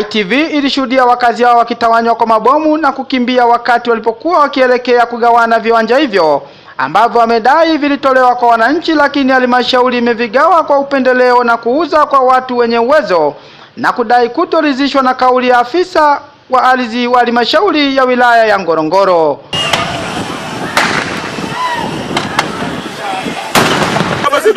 ITV ilishuhudia wakazi hao wakitawanywa kwa mabomu na kukimbia wakati walipokuwa wakielekea kugawana viwanja hivyo ambavyo wamedai vilitolewa kwa wananchi, lakini halmashauri imevigawa kwa upendeleo na kuuza kwa watu wenye uwezo na kudai kutoridhishwa na kauli ya afisa wa ardhi wa halmashauri ya wilaya ya Ngorongoro.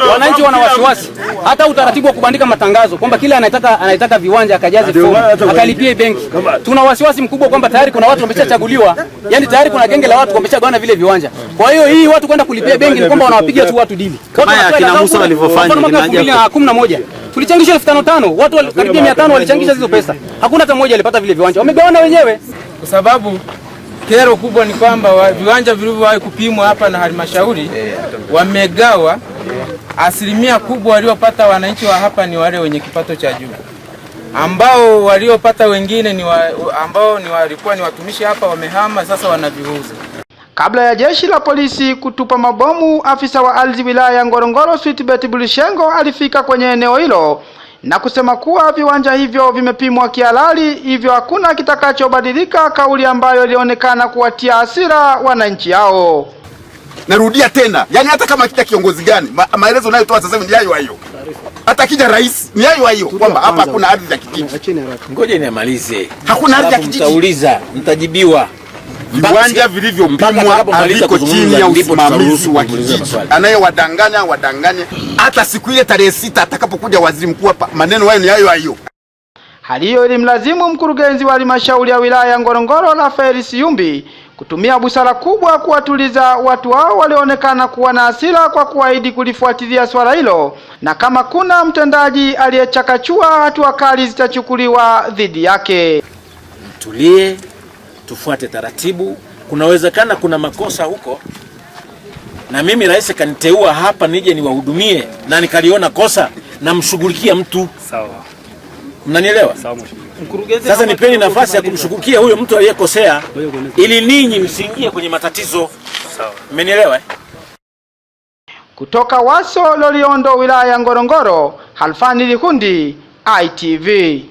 wananchi wana wasiwasi, hata utaratibu wa kubandika matangazo kwamba kila anataka anataka viwanja akajaze fomu akalipie benki. Tuna wasiwasi mkubwa kwamba tayari kuna watu wameshachaguliwa, yani tayari kuna genge la watu wameshagawana vile viwanja. Kwa hiyo hii watu kwenda kulipia benki ni kwamba wanawapiga tu watu dili, kama akina Musa walivyofanya mwaka kumi moja tulichangisha elfu tano tano watu karibia mia tano walichangisha hizo pesa, hakuna hata mmoja alipata vile viwanja, wamegawana wenyewe kwa sababu kero kubwa ni kwamba viwanja vilivyowahi kupimwa hapa na halmashauri eh. wamegawa asilimia kubwa waliopata wananchi wa hapa ni wale wenye kipato cha juu, ambao waliopata wengine ni wa, ambao ni walikuwa ni watumishi hapa wamehama, sasa wanaviuza. Kabla ya jeshi la polisi kutupa mabomu, afisa wa ardhi wilaya ya Ngorongoro Switbert Bulishengo alifika kwenye eneo hilo na kusema kuwa viwanja hivyo vimepimwa kihalali, hivyo hakuna kitakachobadilika, kauli ambayo ilionekana kuwatia hasira wananchi hao. Narudia tena, yaani hata kama akija kiongozi gani, maelezo unayotoa sasa hivi ni hayo hayo, hata akija rais ni hayo hayo, kwamba hapa hakuna ardhi ya kijiji. Ngoja niamalize, hakuna ardhi ya kijiji. Mtauliza, mtajibiwa. Viwanja vilivyompimwa aliko chini ya usimamizi wa kijiji, anayewadanganya wadanganye. Hata siku ile tarehe sita atakapokuja waziri mkuu hapa, maneno hayo ni hayo hayo. Hali hiyo ilimlazimu mkurugenzi wa halmashauri ya wilaya ya Ngorongoro Rafael Siyumbi kutumia busara kubwa kuwatuliza watu hao walioonekana kuwa na hasira kwa kuahidi kulifuatilia swala hilo, na kama kuna mtendaji aliyechakachua, hatua kali zitachukuliwa dhidi yake. Mtulie, tufuate taratibu. Kunawezekana kuna makosa huko, na mimi rais kaniteua hapa nije niwahudumie, na nikaliona kosa, namshughulikia mtu sawa. Mnanielewa? Sasa nipeni nafasi ya kumshughulikia huyo mtu aliyekosea ili ninyi msiingie kwenye matatizo. Mmenielewa? Eh? Kutoka Waso Loliondo wilaya ya Ngorongoro, Halfani Likundi, ITV.